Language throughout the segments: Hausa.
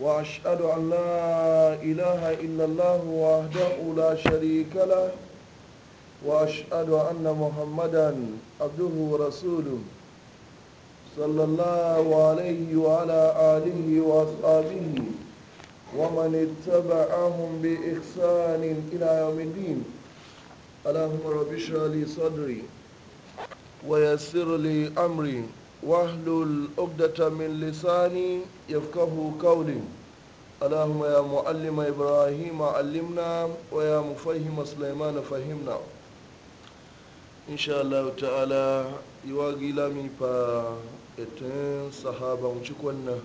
واشهد ان لا اله الا الله وحده لا شريك له واشهد ان محمدا عبده ورسوله صلى الله عليه وعلى اله واصحابه ومن اتبعهم باحسان الى يوم الدين اللهم رب اشرح لي صدري ويسر لي امري wahlu al’ubdata min lisani ya fi kahu kaunin alahuma ya mu’allima ibrahim a alimna wa ya mu fahima sulaimana fahimna in ta’ala yi wa gila min fa etin sahaba wuce kwanna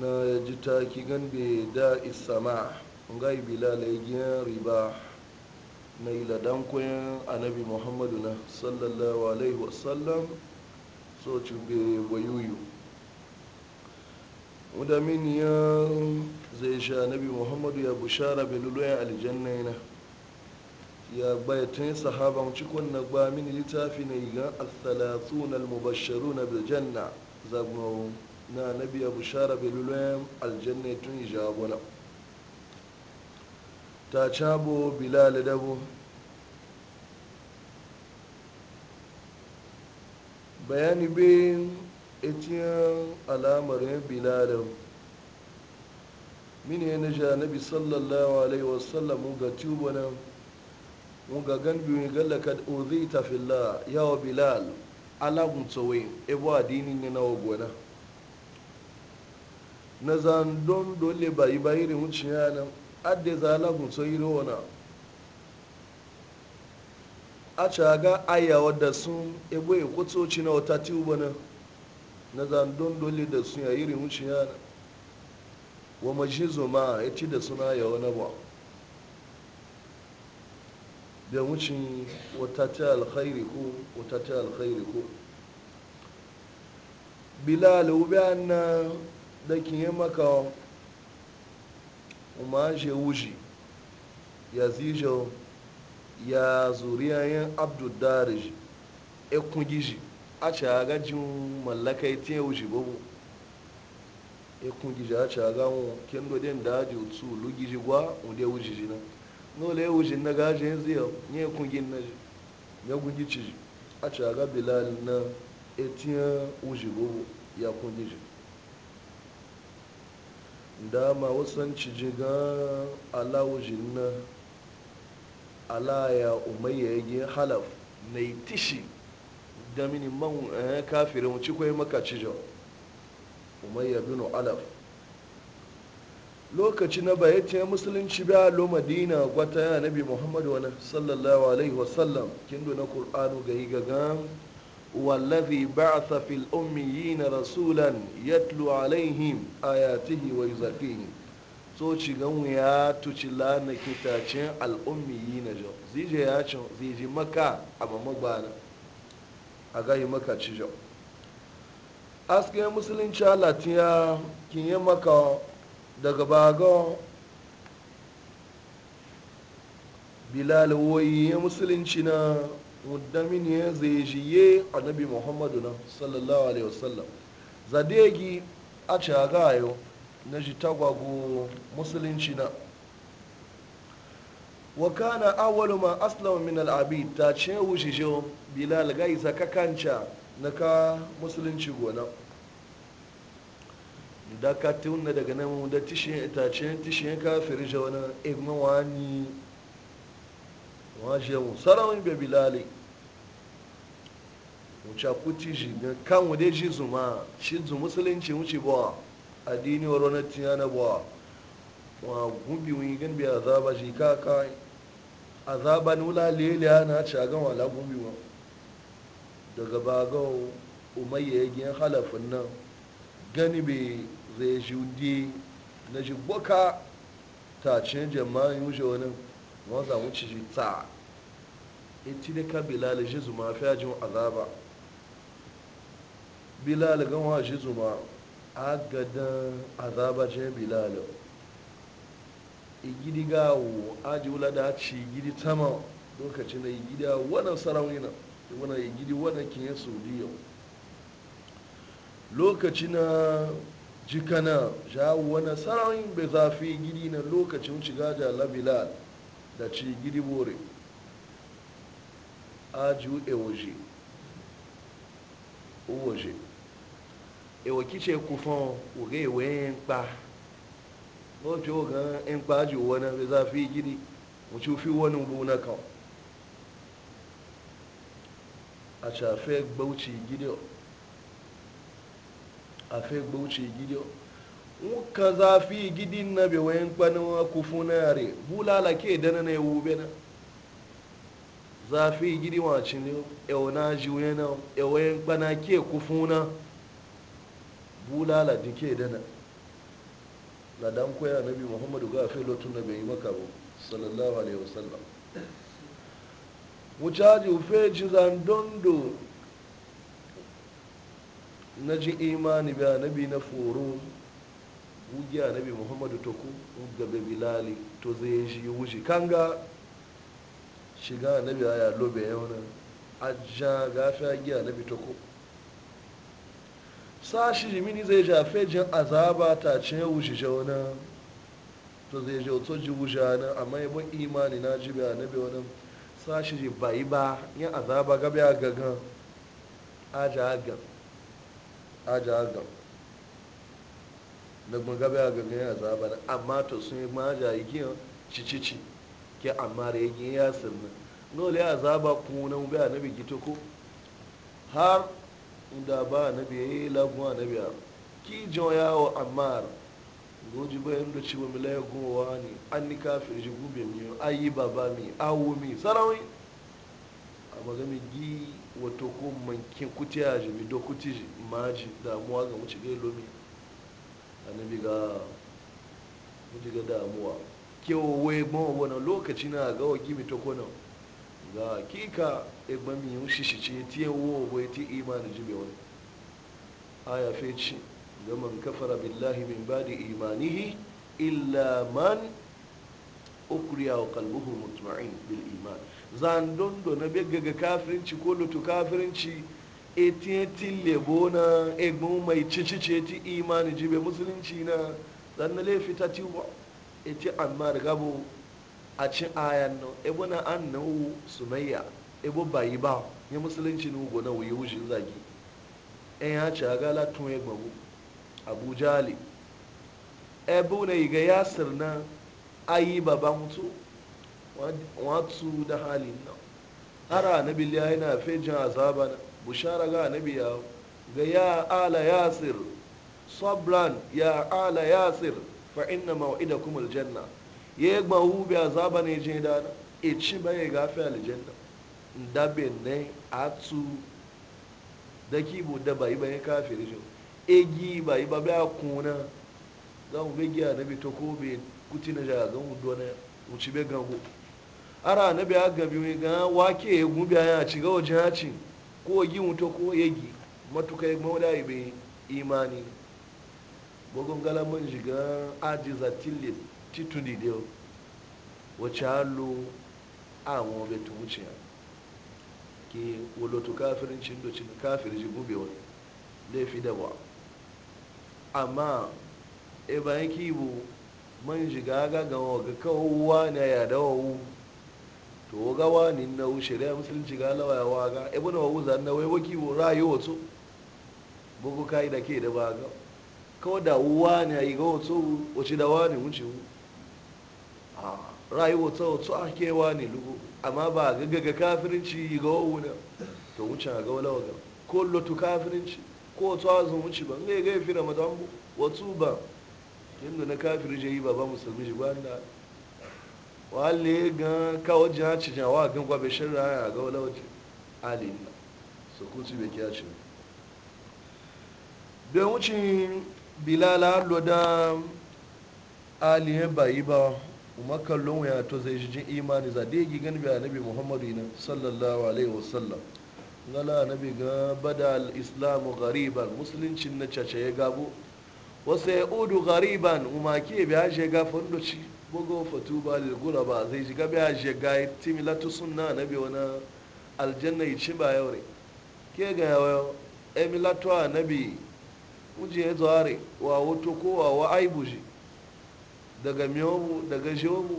na ya ji ta ki gan da isama ga yi bilala ya giyan riba na iladan koyan anabi muhammadu na sallallahu alaihi wasallam so cimbe bayuyu mudamin ya zai sha anabi muhammadu ya bushara beluluyen aljanna yana ya bayatun sahaban cikon na gba mini littafi na igan al-thalathun al-mubasharu na biljanna zagmo na anabi ya bushara beluluyen aljanna tun ijabona ta cabo bilal dabo bayani bin etiyan alamarin bilal mini ya nisha nabi sallallahu alaihi wasallam ga mun ga gan biyu galla kad ta fillah yawa bilal alagun tsawai, ebo adini ne na ogona na don dole bayi bayi ne wuciya nan adda zalagun so yi rowana a caga ayyawa da sun ebo ya na wata tuba na na zandon dole da sun yayi rimuci yana wa maji ma ya ci da suna yawa na ba da wucin wata ta alkhairi ko wata ta alkhairi ko bilal ubiyan na da yi maka umaje wuji ya zijo ya zuriyayen abduldarij ekun gishi a ci aga jin mallakai tiye wuji gogo ekun gishi a ci aga kendo den da aji su lugiji gwa ude wuji jina nola ya wuji na gaji yin ziyo ne ekun gin na ji ya gungi ci a ci aga bilal na etiye wuji gogo ya kun gishi dama wasan cijiga alawujin na alaya umayya halaf na tishi da mini man eh, kafirin ci kwaye maka cijo bin alaf lokaci na bayyacin musulunci biya lo madina gwata ya nabi muhammadu wani sallallahu alaihi wasallam kindu na kur'anu ga yi gagan والذي بعث في الأميين رسولا يتلو عليهم آياته ويزكيهم so ci ganwu ya tuci lana kitacin al'ummiyi na jau zije ya ci zije maka a mamma mamagbana a gayi maka ci jau aske musulunci ya kinye maka daga bago bilal woyi musulunci na muddamin ya zai a annabi muhammadu na sallallahu alaihi wasallam zadegi a cagayo na shi tagwago musulunci na wa kana awwalu ma aslama min al'abi ta ce shi bilal gai kakanca na ka musulunci gona da ka tunna daga nan da tishin itace tishin kafiri jona igmawani e waje mu sarawin be bilali mu cha kuti ji ga kan mu ji zuma shi zu musulunci mu ci bo addini wa ronati na bo wa gubi wi gan bi azaba shi kaka ka azaba nula lele na cha ga wala wa daga bagawo umayya ya gina halafin nan gani bai zai ji na ji boka ta cin jama'in wuce wani waza wuce ji ta iti e ne ka bilal ji zuma fi ajin azaba bilal gan wa ji zuma agadan azaba je bilal igidi e gawo aji wula da ci gidi tama lokacin da igidi e wannan sarauni na wannan igidi wannan kinye saudiya lokacin na jikana jawo wannan sarauni bai zafi gidi na lokacin shiga jala bilal da ci gidi bore aju ewoji owoji ewo kice kufan oge ewe nkpa lọ́jọ́ ogan nkpa aju wani bai zafi gidi mutu fi wani bu na kan a ci afe gbauci gidi afe ka zafi gidin na bewayin kwanuwa kufu na yare bulala ke dana na yawu bena zafi gidi na yauna jiwena yawayin kwana ke kufu na bulala di ke dana na dan koya nabi muhammadu gafi lotun na bai yi maka ba sallallahu alaihi wasallam wucaji ufe jizan dondo na ji imani bi anabi na foro wugi bi muhammadu toku be bilali to zai shi wuce kanga shiga bi aya lobe yauna ajja gafi na bi toku shi jimini zai jafe jin azaba ta ce wuce jauna to zai je to ji wuce na amma yabon imani na ji bai anabi wani shi ji bayi ba yin azaba gabe a gagan aja agan aja agan na magabe a gangan ya zaba na amma to sun yi maja yi gina cicici ke amma da yi ya sirna nole ya zaba kuna mu na anabi gito ko har da ba na ya yi lagun na biya ki jan wa amma goji bayan da ci mila ya gowa ne an ni kafin ji gube mi ayi baba mi awo mi sarawai a magami gi wato ko mankin kuti a dokuti maji damuwa ga mu ci gai lomi anabiga mujiga damuwa kewowe gbọ́n wani lokaci na gawa gimi ta kona ga hakika egbe mi yi shi ce tiye wo bai ti imanin jibe wani aya fe ga man kafara billahi min badi imanihi illa man ukriya wa kalbuhu mutma'in bil iman zan dondo na bega ga kafirinci ko lutu kafirinci etiyetin lebo na egun mai cicice ti imani jibe musulunci na zan na laifi ta ti wa eti amma da gabo a cin ayan nan ebo na an nau sumayya ebo bayi ba ya musulunci ne ugo na wuyi wushi zagi en ya ci aga latun ya bu abu jali ebo na ga yasir na ayi baban mutu tu da halin nan ara na biliya yana fejin azaba na bushara ga annabi ya ga ya ala yasir sabran ya ala yasir fa inna kumul janna ye gba hu bi azaba ne je da e ci ba ga fi aljanna ndabe ne atu ki bu da bai bai kafiri jo egi bai ba ba kuna ga mu begi anabi to ko be kutina ja ga mu dona mu ci be gango ara annabi aga bi ga wake egun bi aya ci ga wajen hacin ko yi wuto ko yagi matukai maulayi bai imani bugun galamin shiga ajiza tilin tituni da wace hallo a mawabe ta wuce ke wulotu kafirin cindocin kafir ji gube wani laifi da ba amma e bayan kibu man shiga gagawa ga kawowa na yadawa to ga wani na shirya musulunci ga lawaya waga ibn wawuza na wai waki rayu wato bugu kai da ke da baga kawai da wani yi ga wato wace da wani wuce wu a rayu wato wato a ke wani lugu amma ba gaggaga kafirinci yi ga wawu na to wuce ga wala waga ko lotu kafirinci ko wato azun wuce ba ngai ga fira ramadan wato ba yanda na kafirin jayi ba ba musulmi shi gwanda le gan o jiha ci jan wa gan shi shirya ya ga wala waje ali su ti be kiya ci bai wuce bilala da ali ya bayi ba kuma kallon wuya to zai ji jin imani za dai gigan bi annabi muhammadu ina sallallahu alaihi wasallam ngala annabi ga bada al-islam ghariban musuluncin na cace ya gabo wasu ya udu ghariban umaki ya biya shi ya gafin doci bugo fatu ba da gura ba zai shiga biya shiga timi latu sunna na biyu na aljanna yi ci ba yau ke ga yawa emi latu a na biyu wuce ya zuware wa wato ko wa wa aibu shi daga miyobu daga shomu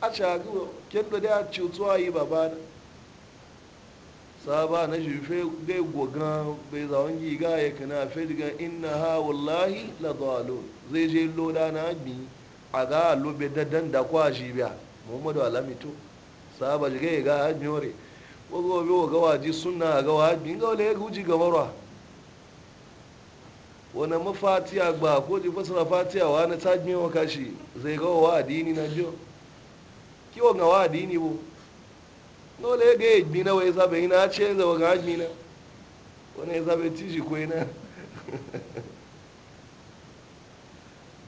a shagu kendo da ya tsuwa yi ba da na shi fe gai gogan bai zawon giga ya kana fe diga inna ha wallahi la zalun zai je loda na biyu aga lobe dadan da kwa jibiya muhammadu alamito sahaba jiga ga wazo wago be waga waji suna ga waji ga ya guji ga marwa wana mafatiya ba ko ji fasara fatiya wa na tajmi wa kashi zai ga wa adini na biyo kiwon ga e wa bu bo wale ya ga yi na wai zabe na ce zawa ga na wani zabe tiji ko na?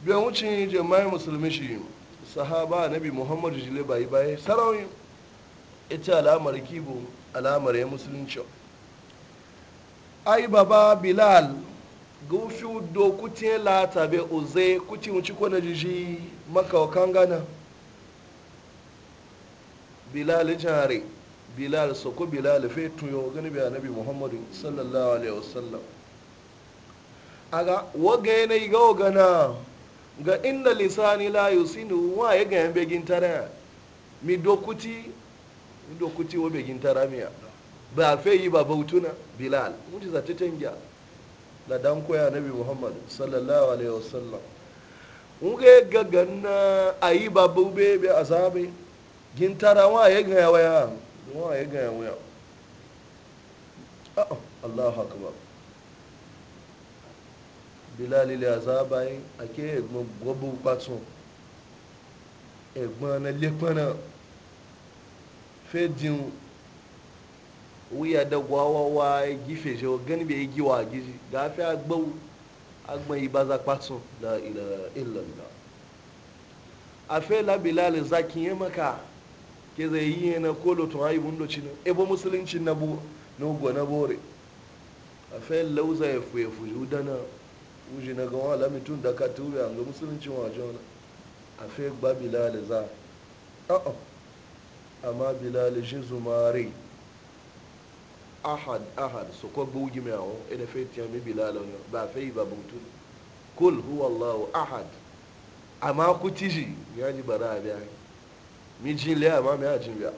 biyan wucin jama'i musulmi shi sahaba nabi muhammadu jile bayi bayi sarawin ita alamar kibo alamar ya musulunci ai baba bilal gufi do kuce lata be uze kuci wuci kwana jiji makawakan gana bilal jare bilal soko bilal fe yau, gani biya nabi muhammadu sallallahu alaihi wasallam aga waga yanayi ga gana. ga inda lisani la yusinu wa ya ga begin tara mi dokuti mi dokuti wa begin tara miya ba fe yi ba bautuna bilal muti za ta tanga la dan koya nabi muhammad sallallahu alaihi wasallam na a ayi ba bube be azabe tara wa ya ga waya wa ya ga waya a'a ah, ah. allahu akbar bilali le azaba yi ake egbon gbogbo pàtún egbon na lẹ́pọ̀n náà fẹ́ dìhun wuya da gwawawa ya feje o gani bai yi wa a ga gafi agbau agbon yi ba za patsun da ilalla a fela bilali zaki yi maka ke zai yi na kolo tun haibu ndo ci na ebo musulunci na bu na ugwa na bore a fela lauza ya fuye fuye dana wuji na gawa lamitun da ka tuwe an ga musulunci wajen wani a fe gba bilali za a amma bilali shi zumare ahad ahad su ko bugi mai awon ina fe mi bilali wani ba fe yi ba butun kul huwa allahu ahad amma ku tiji ya ji bara a biya mi jin liya amma mi ajin biya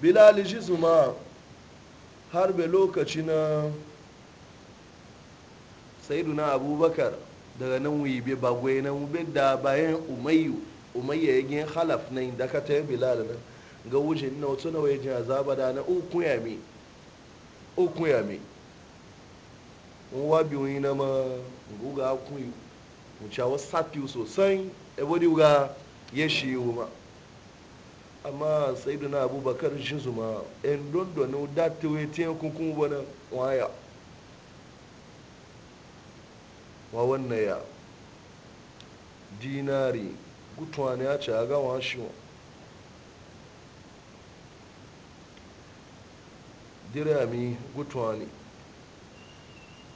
bilali shi zumare harbe lokaci na na abubakar daga nan wibe bagwai nan wibe da bayan umayu umayya ya gina halaf na inda ka ta yi bilal nan ga wuce na wato na wajen azaba da na ukun yami ukun yami wa biyu yi na ma guga kun yi wucewa sati sosai ebodi diga ya shi yi ma amma abu abubakar shi su ma dondo dondonu datte wete kun wani waya wa wannan ya dinari gutuwa ne ya ce a gawa shi wa dirami gutuwa ne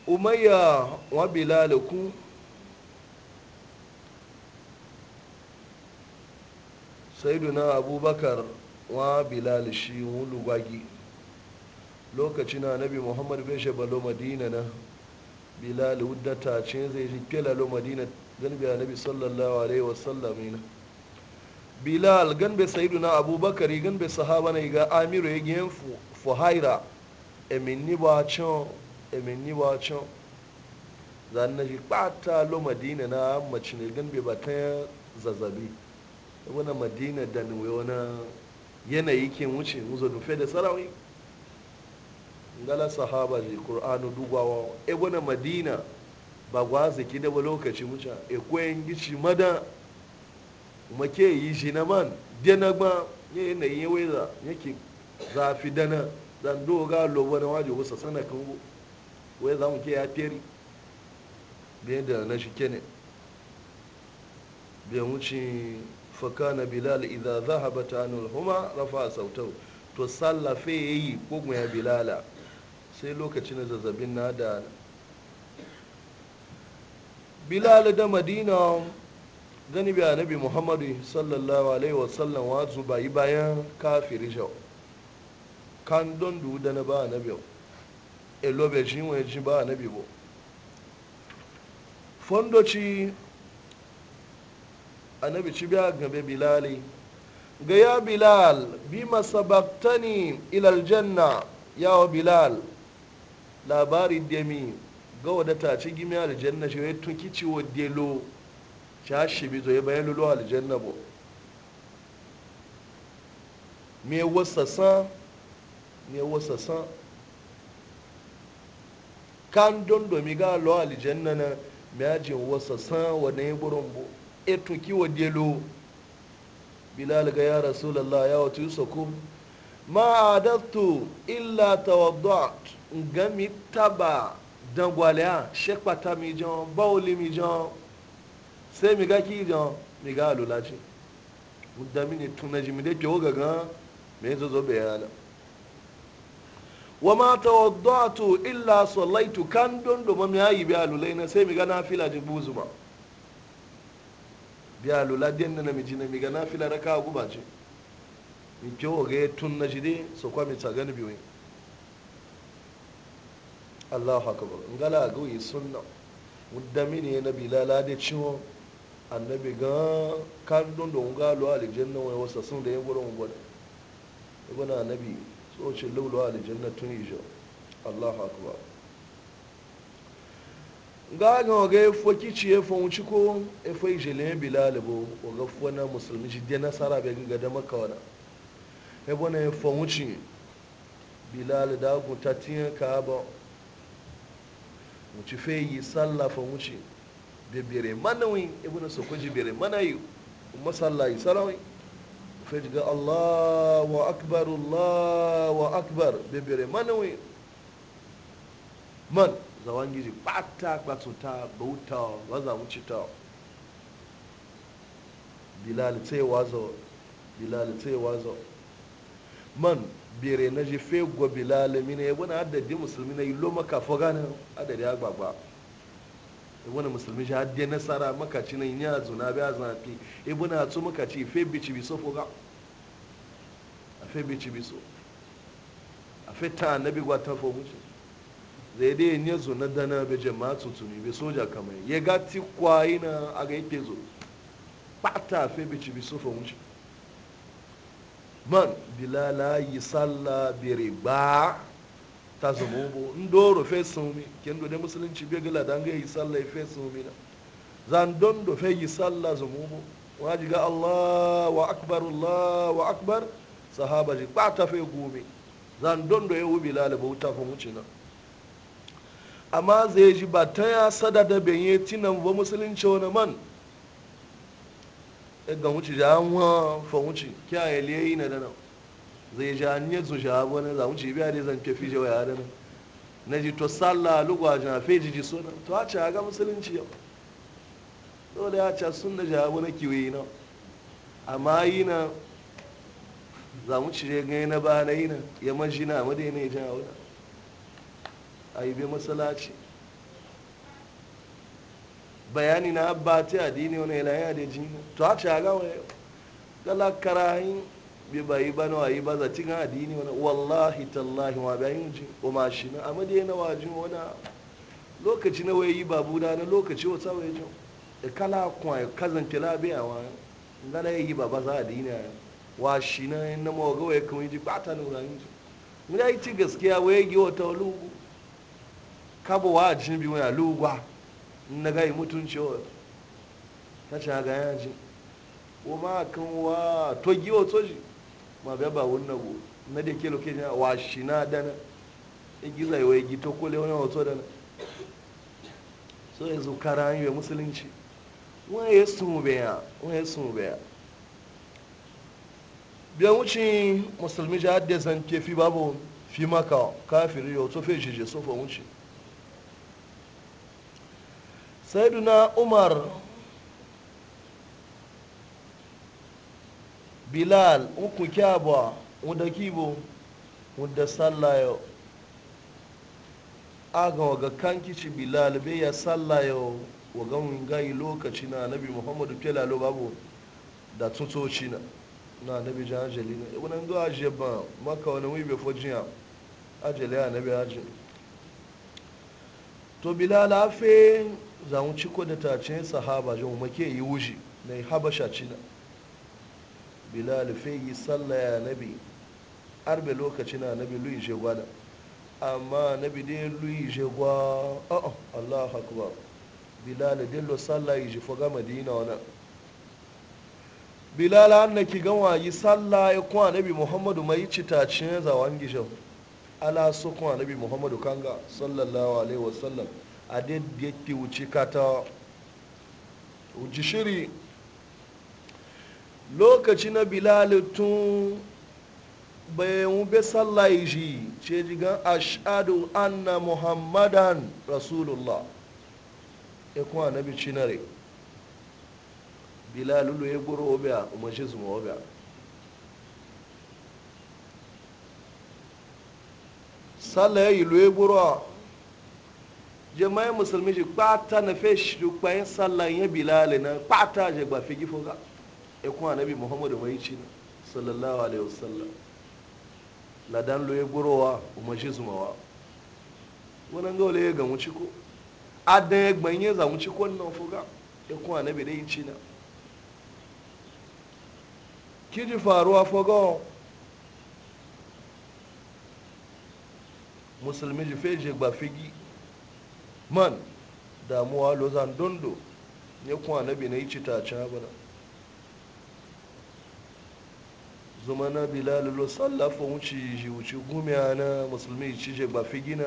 umayya wa bilal saiduna abubakar wa bilal shi wulugwagi lokaci na nabi muhammad bai shabalo madina na bilal wuddata ce zai ji kelalo madina ganbe a nabi sallallahu alaihi wasallam ne bilal ganbe saiduna abubakar ganbe sahaba ne ga amiru ya giyan fuhaira eminni ba can eminni ba can zan na shi ɓata lo madina na mace ne ganbe ba ta zazzabi wani madina da wani yanayi ke wuce muzo nufe da sarawi ngala sahaba ji qur'anu dubawa e wani madina ba gwazi ki da lokaci muca e kwayan gici mada ke yi shi na man dena ba ne yanayi ya waiza yake zafi dana zan doga lobo na waje wasa sana kan wai za mu ke ya fere biyan da na shi kene biyan wucin na bilal idza dhahaba tanul huma rafa sautau to sallah fe yayi kogun ya bilala sai lokacin da zazzabin na da bilal da madina gani bi annabi muhammadu sallallahu alaihi wasallam wa zuba yi bayan kafiri jau kan don duda na ba annabi elobe shi fondoci annabi ci biya gabe bilali ga ya bilal bi masabaktani ilal janna yawa bilal labari demi ga wadda ta ci gimi aljanna shi wai tun kici wa delo ta shi bi zoye bayan lulu aljanna bo me wasasa me sa? kan don domi ga lo aljanna na me ajin wasasa wa ne gurin bo eto kiwo delo bilal ga ya rasulallah ya wato yusufu ma adattu illa tawaddat ngami taba dangwale a pata mi jan le mi jan sai mi ga ki jan mi ga alula mu dami ne tun naji mi da ke oga gan me zo zo ala wa ma tawaddatu illa sallaitu kan don ma ya yi bi alulai na sai mi ga nafila buzuma. biya lula den na namiji na miga na fila raka guba ce in ke tun na jide su mita gani biyu allahu akabar ngala ga yi sunna mudami ne na bi da ciwo annabi ga kandun da wunga luwa lo aljanna wai wasa sun da yin gudun gwada ibn annabi so ce lulu aljanna tun yi jo allahu akabar gaga wa ya fo kici ya fo wuci ko ya fo jele bilal bo o ga fo na musulmi ji de nasara bai ga da maka wala ya bona ya fo wuci bilal da ku tatin ka ba wuci fai yi sallah fo wuci mana bere manawi e bona so ko ji bere manayi masallahi salawai fe ga allah wa akbar allah wa akbar be mana manawi man za wangiji kpata ta bauta waza wucita bilal tsaye wazo bilal tsaye wazo man bere na ji fe go bilal mine ya wani adadi musulmi na ilo maka foganin adadi agbagba wani musulmi shi hadde nasara makaci na yi zuna biya zafi ibuna a tsu makaci fe bici biso foga a fe bici biso a fe ta annabi gwata wuce. zai dai ne zo na dana be jama'a tutumi be soja kamar ya ga ti kwayi na a ga yake zo pata fe be ci bi sofa wuce man bilala yi salla bi riba ta zama bo ndoro fe sumi ken do da musulunci be gila dan ga yi salla fe sumi na zan don do fe yi salla zama bo waji ga Allah wa akbar Allah wa akbar sahaba ji pata fe gome zan don do ya wubi lalaba wuta fa wuce na amma zai ji ba ta ya sada da benye tinan ba musulunci wani man ga wuce ja an wa fa wuce kya ya liya yi na dana zai ja an yanzu ja abu ne za wuce biya da zan tafi jawa ya dana na ji to sallah lugwa jana fe ji ji sona to a ce ga musulunci yau dole ya ce sun da jawa wani na yi na amma yi na za wuce gani na ba na yi na ya majina madina ya ja wani Ayi yi bai bayani na abba ta adini wani ilayen da jini to a gawa wani gala karayin bai bayi ba na wayi ba zati gan adini wani wallahi tallahi wa bayan ji o na amma dai na waji wani lokaci na wayi babu buda na lokaci wata wayi jin da kala kuma ya kazanta a wa gana ya yi baba za a yau. wa shi na na mawaga wayi kuma ji ba ta nura yin ji mu ya yi ci gaskiya wayi gi wata lugu kabo wa jin biyu ya Lugwa na ga yi mutunci wa ta a ga yana ji wa ma kan wa to gi toji ma bai ba wani nago na da ke loke ne wa shi na dana e giza yi wa yi e to kole wani wato dana so yanzu kara yi wa musulunci wani ya mu beya wani ya mu beya biyan wuce musulmi jihar da zan ke fi babu fi maka kafin riyo to fe shi je sofa wuce saiduna umar bilal uku kyaba wadda kibo wadda sallayo aga waga kankici bilal bai ya sallayo waga gayi lokaci na nabi muhammadu kelalo babu da tutoci na na nabi jan ajali na ibi nan ga ajiyar ba maka wani wibe fojiya ajali ya nabi ajiyar to bilala fe za mu ci ko da tace sahaba mu ke yi wuji na habasha cina bilal fe yi salla ya nabi arbe lokaci na nabi luyi je gwada amma nabi dai luyi je gwa a'a allahu akbar bilal lo salla yi fo ga madina wannan bilal an ki ki wa yi sallah ya kwa nabi muhammadu mai citacin zawon gishin ala kuma anabi muhammadu kanga sallallahu alaihi wasallam a da yake wuce kata wuce shiri lokaci na bilal tun bayan wube sallaye shi ce jigan ashadu anna muhammadan rasulullah ya e kuma anabi cinare bilal ya goro obiya umarci su ma obiya sallah yi lo eburo jama'i musulmi ji pata na fe shi kpayin sallah ya bilal na pata je gba fi gifo ga e kuma anabi muhammadu wa yi sallallahu alaihi wasallam la dan lo eburo wa umma shi zuma wa wona ngo le ga mu ciko adan ya yin za mu ciko na fo ga e kun nabi dai ci na kiji faruwa ga musulmi ji feje gba figi man damuwa lozan dondo ya kuwa na bi na yi cita ci habana zuma na bilal lo sallafa wuce ji wuce gumiya na musulmi ci je gba figi na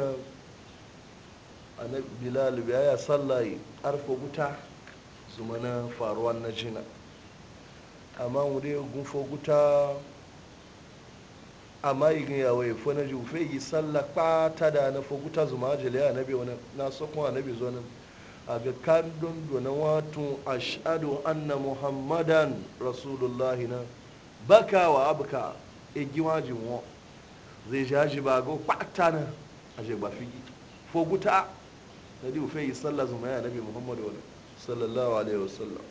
ana bilal biya ya sallaye arfa guta zuma na faruwan na jina amma wuri gufo guta amma igin yawo ya na ji fe yi salla kpata da na fo guta zuma ajele ya nabi wani na sokon nabi zonin a ga kandun dona wato ashadu anna muhammadan rasulullahi na baka wa abuka igi e wajin wa. zai jaji ba go kwata na aje ba figi fo na ji fe yi salla zuma ya nabi muhammadu wani sallallahu alaihi wasallam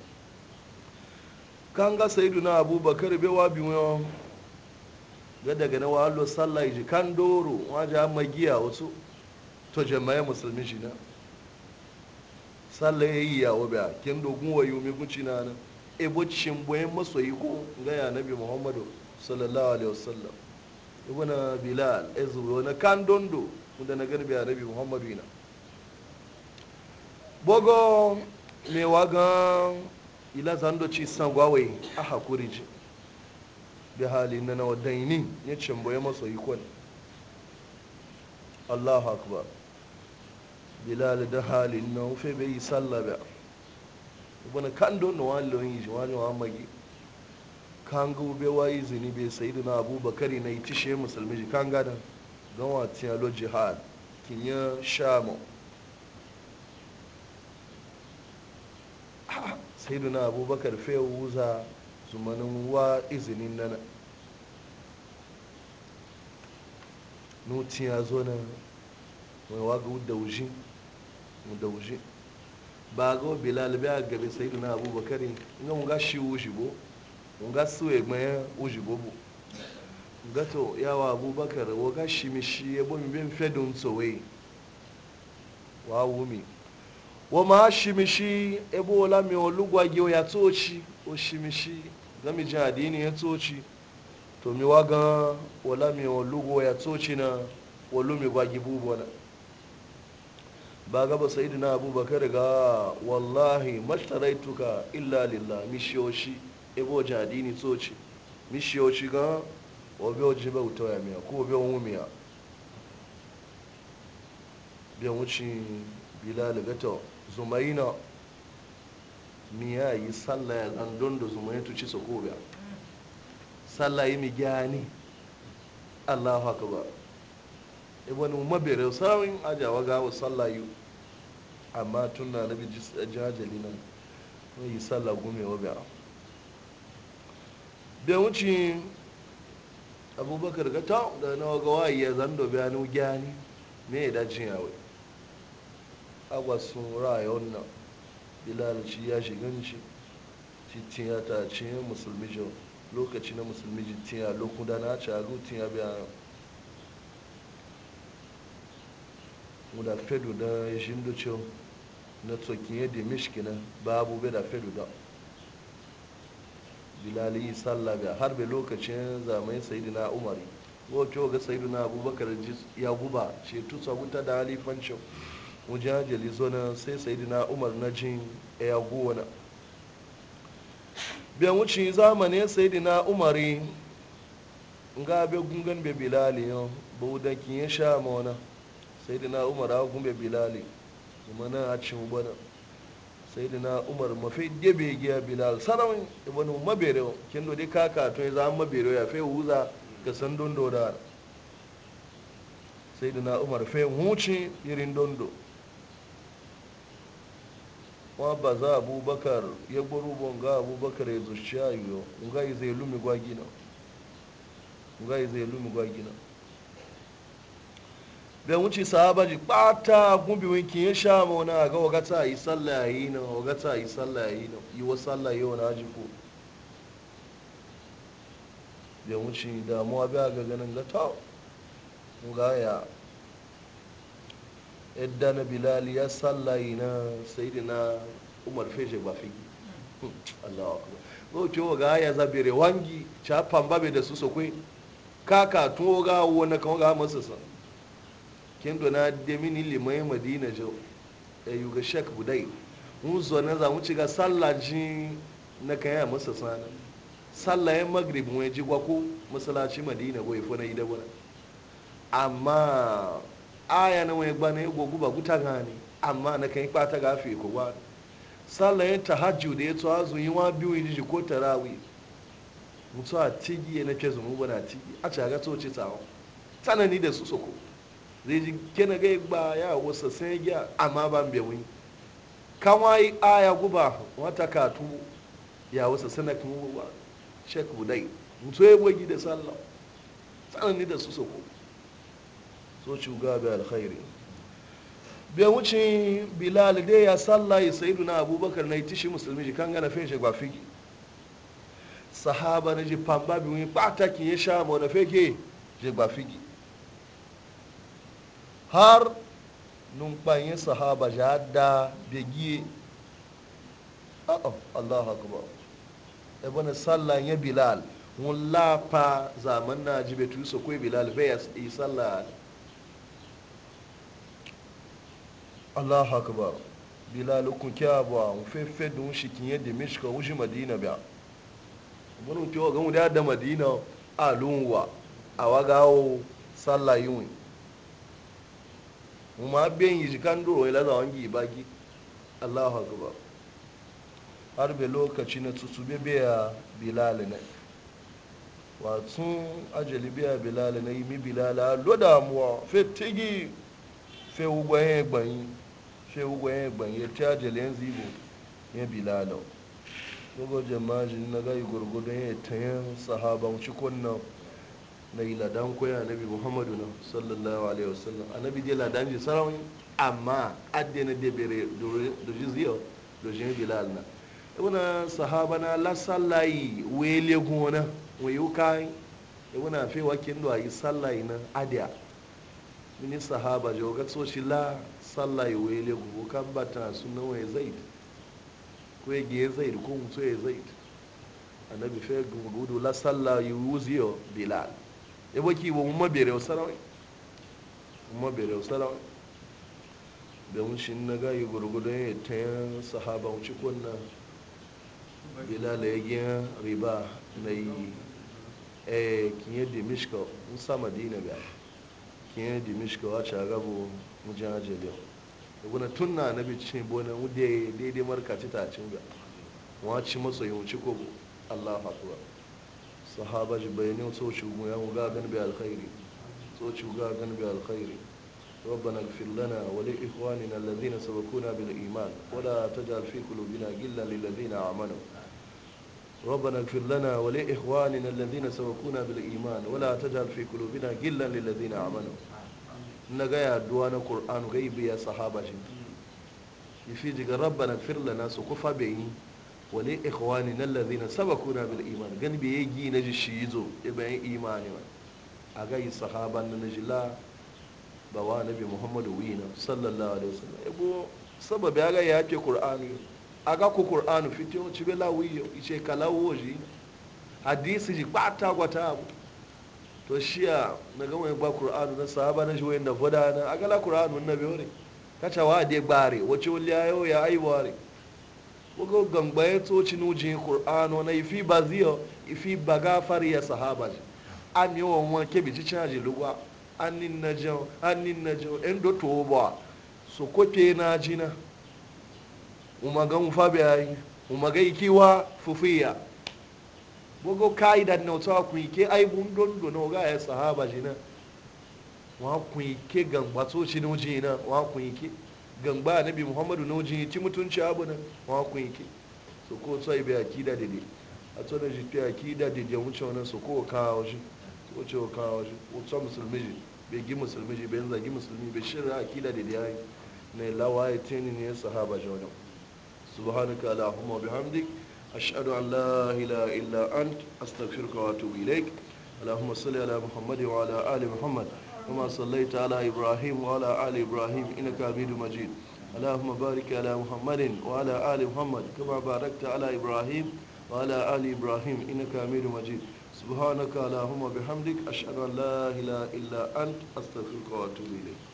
kan ga na abubakar bewa biyu ga daga na walo sallah ji kan doro wajen an magiya wasu to jama'a musulmi shi na sallah ya yi yawo biya kin dogon wayo mai kunci na nan ebo cin boyen masoyi ko gaya bi muhammadu sallallahu alaihi wasallam ibn bilal ezu wani kan dondo wanda na garbi a nabi muhammadu yana bogo mai wagan ila zando ci san gwawai a hakuri ji bi hali na nawa dainin ya cambaye maso ikon allahu akbar bilal da hali na wufe bai yi sallaba. ba wani kan don na wani lauyin shi wani wa magi kan ga ube wayi zini bai sai da na Abubakar na yi tishe musulmi ji kan gada don wata yalo jihad yi shamu ah, sai da na abubakar fe wuza zumanin wa izinin nana nutin ya zo na mai waga da wujin da wujin ba ga bilal bai gabe sai na abubakar nga nga shi wujibo nga su e gbaya wujibo bu gato yawa abubakar wa ga shi mi shi ya bo mi bin fedun tsowe wa wumi wa ma shi mi shi ebo la mi olugwa gi o ya to shi o shi mi shi gami jin addini ya tsoci to mi waga wala mi lugo ya tsoci na walu mi gwagi ba na ba gaba dina abubakar ga wallahi mashtaraituka illa lillah mishiyoshi ebo jin addini tsoci mishiyoshi ga obe oji bauta ya miya ko obi onwu miya biyan wucin bilal gato zumaina miya yi sallah ya zan dondo zuma ya tuci su kobe sallah yi mi gani allahu akbar e ibn mabere sawin ajawa wa sallah yi amma tun na nabi jajali nan mai yi sallah wa biya da wuce abubakar ga ta da nawa ga wayi ya zando biya ni me ya dace ya wai agwasun rayon nan bilal ya shiganci titin ya ta cinye musulmi jau lokaci na musulmi jitin ya lokuda na ci agutin ya biya da fedu da ya shindu cewa na tsokin yadda mishkina babu bai da fedu da bilali yi sallah biya har bai lokacin zamanin na umari wato ga na abubakar ya guba ce tusa wuta da halifancin wujajali zona sai sayidina umar na jin ya gowana biyan wuce zamanin sayidina umari ga be gungan be bilali yau ba wudakin ya sha mawana sayidina umar a gungan be bilali kuma na a cin bana sayidina umar mafi gebe giya bilal sanan ibn mabere kin dodi dai kaka to ya zama mabere ya fe huza ga sandon dodara sayidina umar fe huce irin dondo wa ba za abubakar ya gburu bonga abubakar ya zuci ayo nga zai lumi gwagina nga yi zai lumi gwagina bai wuce sahabaji kpata gumbi winkin ya sha ma wani ga wagata yi sallah yi na wagata yi sallah yi na yi wa sallah yi wani aji ko bai wuce damuwa bai ga ganin ga ta ga ya yadda na bilal ya sallayi na na umar feshe ba fi allahu kuma ko ce ga ya zabe wangi ca pamba be da su so kaka tuwo ga wona kan ga masa sa kin do na de limai madina jo yi ga shek budai mun zo na za mu ci ga sallaji na kan ya masa sana sallayen maghrib mun ji gwa ko masallaci madina goyi ifo na ida amma aya na mai gbani gugu ba guta gani amma na kan yi ɓata gafe ko ba sallah ya tahajju da ya azu, yi wa biyu yi ko tarawi mutu a ya na kezu mu ba tigi a caga ta tsawon tsanani da su soko zai ji kena ga igba ya wasa sai ya gya amma ban bewin kan yi aya guba wata katu ya wasa sana kuma ba shek budai mutu ya gwagi da sallah tsanani da su soko soci gabe alkhairi bai wuce bilal dai ya sallaye sayidu na abubakar na itishi musulmi ji kan gana feshe ba figi sahaba na ji pamba bi wani pataki ya sha ma na feke je ba figi har numfanye sahaba ja da begiye a'a allahu akbar ibn sallan ya bilal wala fa zaman na ji betu so ko bilal bai ya sallah allah akbar bilal kun kya ba mu fe fe dun shi kin yadda mishka wuji madina ba bunun kiwa ga mu da da madina alunwa a wagawo sallah yun mu ma ben yi jikan duro ila za wangi baki allah akbar har be lokaci na tutu be biya bilal ne watsun ajali biya bilal ne mi bilal lo da mu fe tigi fe ugwaye gbanyi fewugwaye banyar cajal lenzi bu ya bilalau gogojen majin na gai gurgudu ya tayin sahaban cikon nan na yi ladan koya annabi muhammadu na sallallahu alaihi wasallam annabi jela ladan ji sarauni amma adde na debere doji ziyo doji bilal na ibuna sahaba na lasallayi wele gona wayo kai ibuna fewa kin a yi sallayi na adiya mini sahaba joga soci la sallah yi wele gugu kan bata suna wai zaid ko ya giye zaid ko mutu ya zaid na fe gudu la sallah yi wuziyo bilal ya baki ba umma bere sarawai umma bere sarawai da shi na gayi gurgudu ya ta yin sahaba wuce kunna bilal ya giya riba na yi eh kinye dimishka musa madina biya kinye dimishka wace agabo mujin ajele ibuna tun na nabi cin bona mude daidai markaci ta cin ga wace maso yunci ko Allahu akbar sahaba ji bayanin so ci mu ya ga gan bi alkhairi so ci ga gan bi alkhairi ربنا اغفر لنا ولإخواننا الذين سبقونا بالإيمان ولا تجعل في قلوبنا غلا للذين آمنوا ربنا اغفر لنا ولإخواننا الذين سبقونا بالإيمان ولا تجعل في قلوبنا غلا للذين آمنوا نغا يا دوانا قرآن غيب يا صحابة يفي جيغا ربنا اغفر لنا سكفا بيني ولإخواننا الذين سبقونا بالإيمان غن بي يجي نجي شيزو يبين إيماني أغاي صحابة نجي لا بوا نبي محمد وينا صلى الله عليه وسلم يبو سبب أغاي يا قرآن يو aga ko qur'anu fitiyo cibe ce kala woji hadisi ji kwata gwata abu to shiya na gama ba qur'anu na sahaba na shi wayan na fada na aga la qur'anu na bewore kacha wa de bare wace wali ayo ya aiware ko ya to cinuji qur'anu na ifi baziyo ifi bagafar ya sahaba ji an yi wa bi ci caji lugwa an nin na an nin na en do to ba so kote na jina umagan fabiyayi umagai kiwa fufiya bugu ka'idan na wata kunke aibun dondona ga ya sahaba jina wa ku kunke gamba to shi nuji na wa ku kunke gamba nabi muhammadu nuji ci mutunci abu na wa ku kunke so ko tsaye bai akida dede a tsaye shi fi akida dede wuce wani so ko kawo shi so ce wa kawo shi wata musulmi ji bai gi musulmi ji bai zagi musulmi bai shirin akida dede ya yi na lawa ya teni ne sahaba jona. subhanaka allahumma bihamdik ashhadu an la ilaha illa ant astaghfiruka wa atubu ilaik اللهم صل على محمد وعلى آل محمد كما صليت على إبراهيم وعلى آل إبراهيم إنك حميد مجيد اللهم بارك على محمد وعلى آل محمد كما باركت على إبراهيم وعلى آل إبراهيم إنك حميد مجيد سبحانك اللهم بحمدك أشهد أن لا إله إلا أنت أستغفرك وأتوب إليك